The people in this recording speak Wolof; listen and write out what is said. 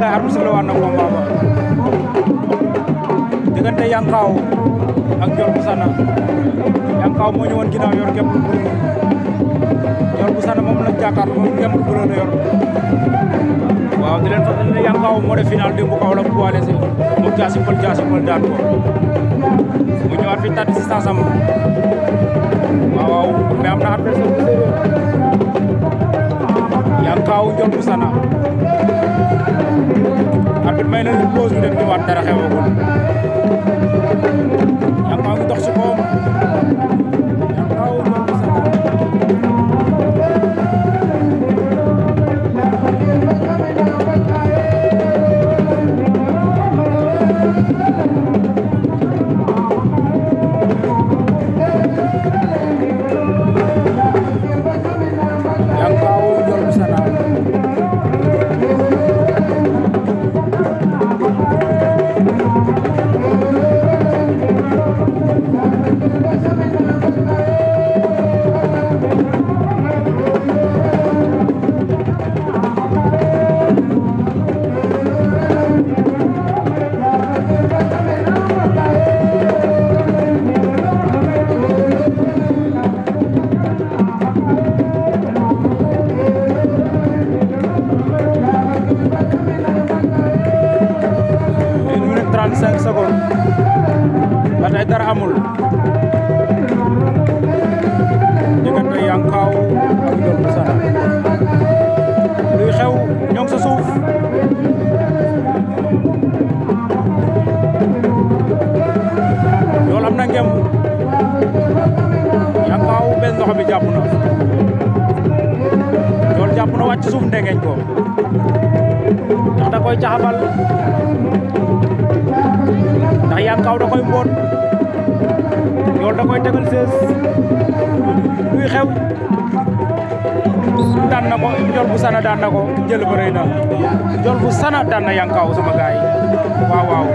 ga arbitre sifflé waat na combat ba yang Yankaw ak Ndiol Goussana Yankaw moo ñëwoon ginnaaw yor képp lu bëri Ndiol Goussana la jàkkaar moom képp lu bëri yor waaw di ne def final démb kaw la poids léger mu jaasi pël jaasi pël daan ko mu ñëwaat fi tàdd distance am waaw mais am na adversaire Yankaw Ndiol arbitre may nañu pause bi dem ñëwaat dara xewagul 45 a ba tey dara amul diggante a ak Ndiol bu Sana luy xew ñoo ngi suuf Ndiol am na ngem Yankaw benn bi jàpp na Ndiol jàpp na wàcc suuf ndengeñ ko ndax koy caxabal a yaam kaw da koy mboot yool da koy tegal sees luy xew daan na ko jol bu sana daan na ko jël ba na jol bu sana daan na yaam kaw sama gaay waaw